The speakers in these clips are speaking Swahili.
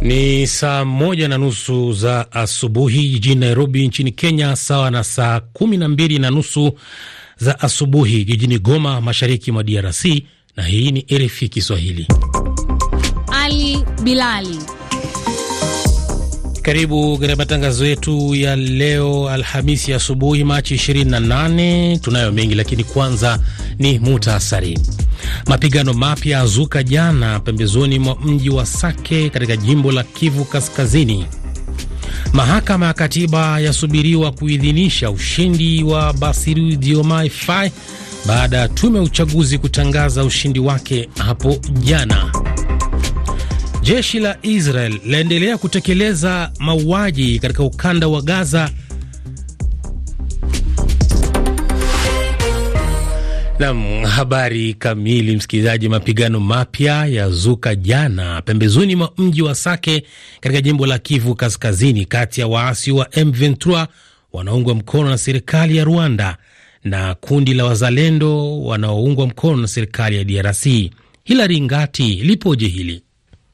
Ni saa moja na nusu za asubuhi jijini Nairobi nchini Kenya, sawa na saa kumi na mbili na nusu za asubuhi jijini Goma, mashariki mwa DRC. Na hii ni RFI Kiswahili. Ali Bilali, karibu katika matangazo yetu ya leo Alhamisi asubuhi, Machi 28. Tunayo mengi, lakini kwanza ni muhtasari. Mapigano mapya azuka jana pembezoni mwa mji wa Sake katika jimbo la Kivu Kaskazini. Mahakama ya Katiba yasubiriwa kuidhinisha ushindi wa Basiru Diomaye Faye baada ya tume ya uchaguzi kutangaza ushindi wake hapo jana. Jeshi la Israel laendelea kutekeleza mauaji katika ukanda wa Gaza Nam, habari kamili, msikilizaji. Mapigano mapya ya zuka jana pembezoni mwa mji wa Sake katika jimbo la Kivu Kaskazini, kati ya waasi wa M23 wanaoungwa mkono na serikali ya Rwanda na kundi la wazalendo wanaoungwa mkono na serikali ya DRC. Hilari Ngati, lipoje hili?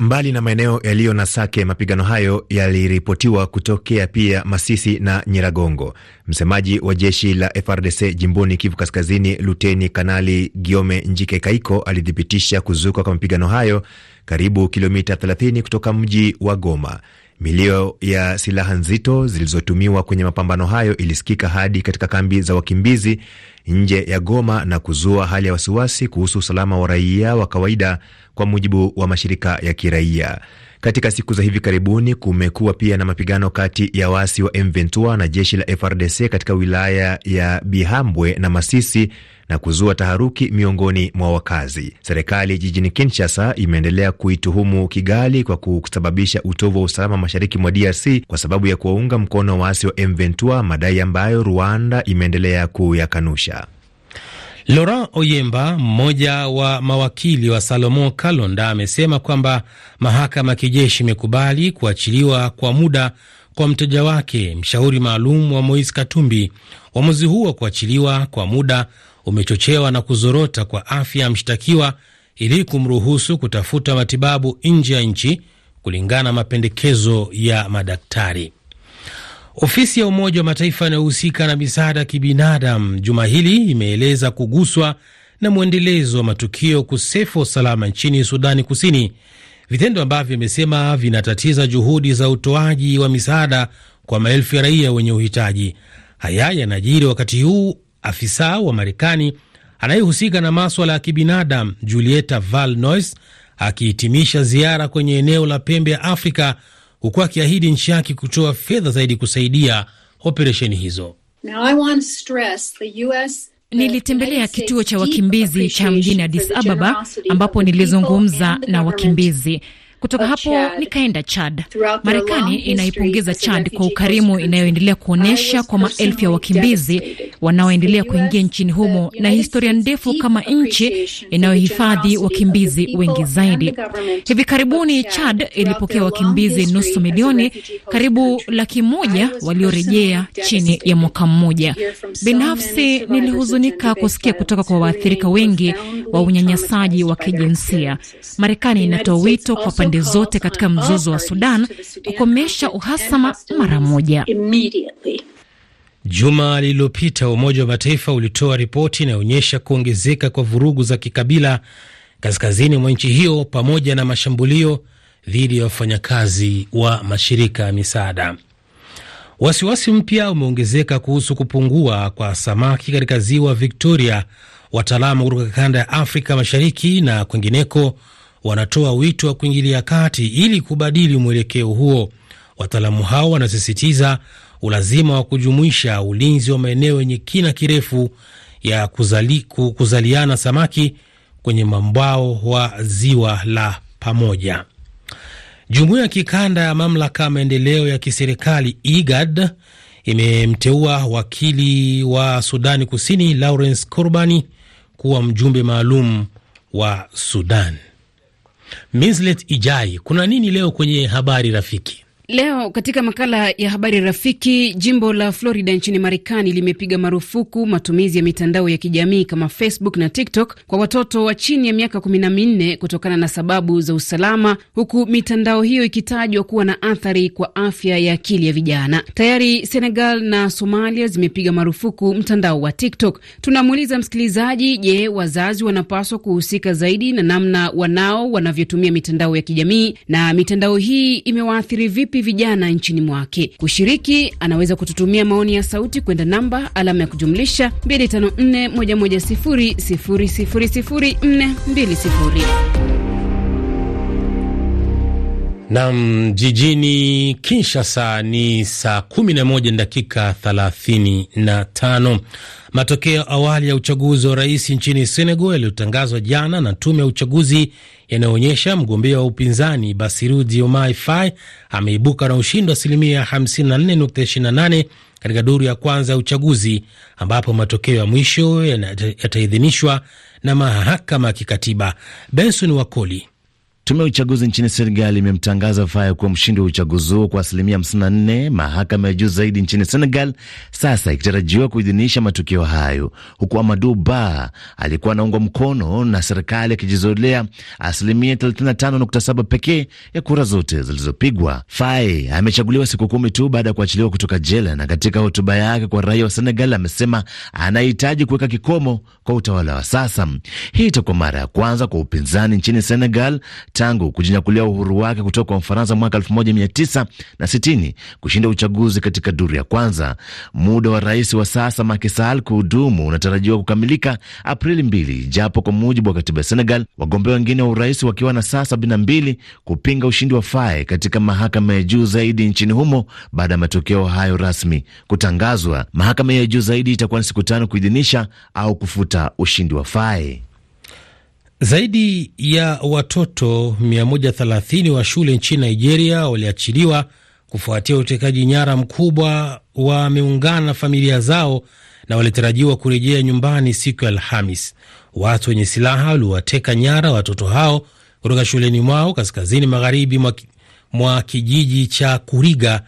Mbali na maeneo yaliyo na Sake, mapigano hayo yaliripotiwa kutokea pia Masisi na Nyiragongo. Msemaji wa jeshi la FRDC jimboni Kivu Kaskazini, Luteni Kanali Giome Njike Kaiko alithibitisha kuzuka kwa mapigano hayo karibu kilomita 30 kutoka mji wa Goma. Milio ya silaha nzito zilizotumiwa kwenye mapambano hayo ilisikika hadi katika kambi za wakimbizi nje ya Goma na kuzua hali ya wasiwasi kuhusu usalama wa raia wa kawaida, kwa mujibu wa mashirika ya kiraia. Katika siku za hivi karibuni kumekuwa pia na mapigano kati ya waasi wa M23 na jeshi la FRDC katika wilaya ya Bihambwe na Masisi na kuzua taharuki miongoni mwa wakazi. Serikali jijini Kinshasa imeendelea kuituhumu Kigali kwa kusababisha utovu wa usalama mashariki mwa DRC kwa sababu ya kuwaunga mkono waasi wa M23, madai ambayo Rwanda imeendelea kuyakanusha. Laurent Oyemba, mmoja wa mawakili wa Salomon Kalonda, amesema kwamba mahakama ya kijeshi imekubali kuachiliwa kwa muda kwa mteja wake, mshauri maalum wa Moise Katumbi. Uamuzi huo wa kuachiliwa kwa muda umechochewa na kuzorota kwa afya ya mshtakiwa ili kumruhusu kutafuta matibabu nje ya nchi kulingana na mapendekezo ya madaktari. Ofisi ya Umoja wa Mataifa inayohusika na misaada ya kibinadamu juma hili imeeleza kuguswa na mwendelezo wa matukio ukosefu wa usalama nchini Sudani Kusini, vitendo ambavyo imesema vinatatiza juhudi za utoaji wa misaada kwa maelfu ya raia wenye uhitaji. Haya yanajiri wakati huu afisa wa Marekani anayehusika na maswala ya kibinadamu Julieta Val Noyce akihitimisha ziara kwenye eneo la pembe ya Afrika huku akiahidi nchi yake kutoa fedha zaidi kusaidia operesheni hizo. Nilitembelea kituo cha wakimbizi cha mjini Addis Ababa ambapo nilizungumza na wakimbizi kutoka hapo nikaenda Chad. Marekani inaipongeza Chad kwa ukarimu inayoendelea kuonyesha kwa maelfu ya wakimbizi wanaoendelea kuingia nchini humo na historia ndefu kama nchi inayohifadhi wakimbizi wengi zaidi. Hivi karibuni Chad ilipokea wakimbizi nusu milioni, karibu laki moja waliorejea chini ya mwaka mmoja. Binafsi nilihuzunika kusikia kutoka kwa waathirika wengi wa unyanyasaji wa kijinsia. Marekani inatoa wito kwa pande zote katika mzozo wa Sudan kukomesha uhasama mara moja. Juma lililopita Umoja wa Mataifa ulitoa ripoti inayoonyesha kuongezeka kwa vurugu za kikabila kaskazini mwa nchi hiyo pamoja na mashambulio dhidi ya wafanyakazi wa mashirika ya misaada. Wasiwasi mpya umeongezeka kuhusu kupungua kwa samaki katika ziwa Victoria, wataalamu kutoka kanda ya Afrika Mashariki na kwengineko wanatoa wito wa kuingilia kati ili kubadili mwelekeo huo. Wataalamu hao wanasisitiza ulazima wa kujumuisha ulinzi wa maeneo yenye kina kirefu ya kuzali, kuzaliana samaki kwenye mwambao wa ziwa la pamoja. Jumuiya ya kikanda ya mamlaka ya maendeleo ya kiserikali IGAD imemteua wakili wa Sudani Kusini Lawrence Corbani kuwa mjumbe maalum wa Sudan. Mislet Ijai, kuna nini leo kwenye habari rafiki? Leo katika makala ya habari rafiki, jimbo la Florida nchini Marekani limepiga marufuku matumizi ya mitandao ya kijamii kama Facebook na TikTok kwa watoto wa chini ya miaka kumi na minne kutokana na sababu za usalama, huku mitandao hiyo ikitajwa kuwa na athari kwa afya ya akili ya vijana. Tayari Senegal na Somalia zimepiga marufuku mtandao wa TikTok. Tunamuuliza msikilizaji, je, wazazi wanapaswa kuhusika zaidi na namna wanao wanavyotumia mitandao ya kijamii na mitandao hii imewaathiri vipi vipi vijana nchini mwake. Kushiriki, anaweza kututumia maoni ya sauti kwenda namba alama ya kujumlisha 2541100000420. Nam jijini Kinshasa ni saa kumi na dakika tano. Matokeo awali ya uchaguzi wa rais nchini Senegal yaliyotangazwa jana na tume ya uchaguzi yanayoonyesha mgombea wa upinzani Basiru Diomaye Faye ameibuka na ushindi wa asilimia 54.28 katika duru ya kwanza ya uchaguzi, ambapo matokeo ya mwisho yataidhinishwa na mahakama ya kikatiba. Benson Wakoli Tume ya uchaguzi nchini Senegal imemtangaza Faye kuwa mshindi wa uchaguzi huo kwa asilimia 54, mahakama ya juu zaidi nchini Senegal sasa ikitarajiwa kuidhinisha matukio hayo, huku Amadu Ba alikuwa anaungwa mkono na serikali akijizolea asilimia 35.7 pekee ya kura zote zilizopigwa. Faye amechaguliwa siku kumi tu baada ya kuachiliwa kutoka jela, na katika hotuba yake kwa raia wa Senegal amesema anahitaji kuweka kikomo kwa utawala wa sasa. Hii itakuwa mara ya kwanza kwa upinzani nchini Senegal tangu kujinyakulia uhuru wake kutoka kwa Mfaransa mwaka 1960 kushinda uchaguzi katika duru ya kwanza. Muda wa rais wa sasa Macky Sall kuhudumu unatarajiwa kukamilika Aprili mbili, japo kwa mujibu wa katiba ya Senegal, wagombea wengine wa urais wakiwa na saa 72 kupinga ushindi wa Faye katika mahakama ya juu zaidi nchini humo baada ya matokeo hayo rasmi kutangazwa. Mahakama ya juu zaidi itakuwa na siku tano kuidhinisha au kufuta ushindi wa Faye. Zaidi ya watoto 130 wa shule nchini Nigeria waliachiliwa kufuatia utekaji nyara mkubwa. Wameungana na familia zao na walitarajiwa kurejea nyumbani siku ya Alhamis. Watu wenye silaha waliwateka nyara watoto hao kutoka shuleni mwao kaskazini magharibi mwa, mwa kijiji cha Kuriga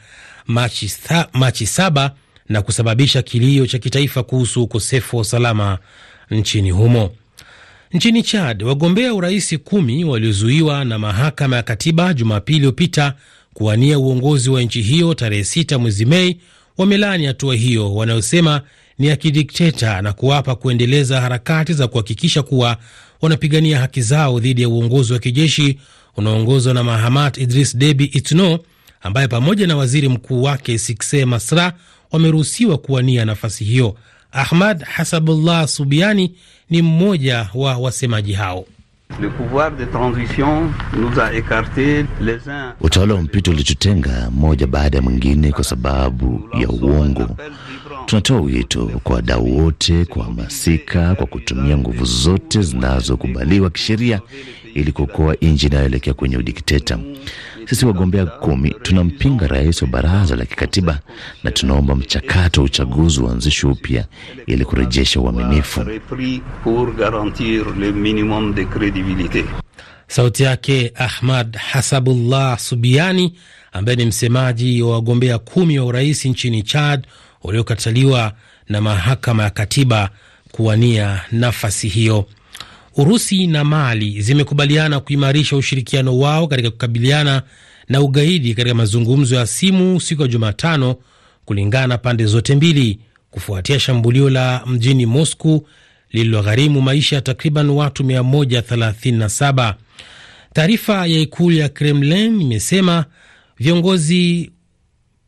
Machi, Machi saba na kusababisha kilio cha kitaifa kuhusu ukosefu wa usalama nchini humo. Nchini Chad, wagombea urais kumi waliozuiwa na mahakama ya katiba Jumapili iliyopita kuwania uongozi wa nchi hiyo tarehe 6 mwezi Mei wamelaani hatua hiyo wanayosema ni ya kidikteta na kuwapa kuendeleza harakati za kuhakikisha kuwa wanapigania haki zao dhidi ya uongozi wa kijeshi unaoongozwa na Mahamat Idris Debi Itno ambaye pamoja na waziri mkuu wake Sikse Masra wameruhusiwa kuwania nafasi hiyo. Ahmad Hasabullah Subiani ni mmoja wa wasemaji hao. Utawala wa mpito ulitutenga moja baada ya mwingine kwa sababu ya uongo, Tunatoa wito kwa wadau wote kuhamasika kwa kutumia nguvu zote zinazokubaliwa kisheria ili kuokoa nchi inayoelekea kwenye udikteta. Sisi wagombea kumi tunampinga rais wa baraza la kikatiba na tunaomba mchakato wa uchaguzi uanzishwe upya ili kurejesha uaminifu. Sauti yake Ahmad Hasabullah Subiani ambaye ni msemaji wa wagombea kumi wa urais nchini Chad waliokataliwa na mahakama ya katiba kuwania nafasi hiyo. Urusi na Mali zimekubaliana kuimarisha ushirikiano wao katika kukabiliana na ugaidi katika mazungumzo ya simu siku ya Jumatano, kulingana na pande zote mbili, kufuatia shambulio la mjini Moscow lililogharimu maisha ya takriban watu 137. Taarifa ya ikulu ya Kremlin imesema viongozi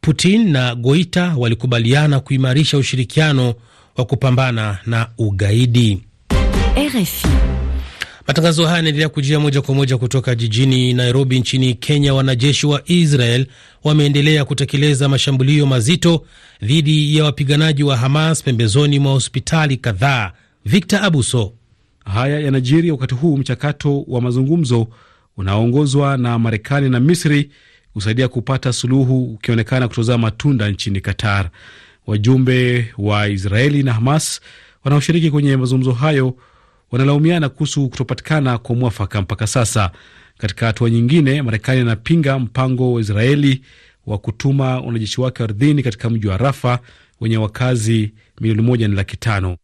Putin na Goita walikubaliana kuimarisha ushirikiano wa kupambana na ugaidi. RFI. Matangazo haya yanaendelea kujia moja kwa moja kutoka jijini Nairobi nchini Kenya. Wanajeshi wa Israel wameendelea kutekeleza mashambulio mazito dhidi ya wapiganaji wa Hamas pembezoni mwa hospitali kadhaa. Victor Abuso. Haya yanajiri wakati huu mchakato wa mazungumzo unaoongozwa na Marekani na Misri kusaidia kupata suluhu ukionekana kutozaa matunda nchini Qatar. Wajumbe wa Israeli na Hamas wanaoshiriki kwenye mazungumzo hayo wanalaumiana kuhusu kutopatikana kwa mwafaka mpaka sasa. Katika hatua nyingine, Marekani anapinga mpango wa Israeli wa kutuma wanajeshi wake ardhini katika mji wa Rafa wenye wakazi milioni moja na laki tano.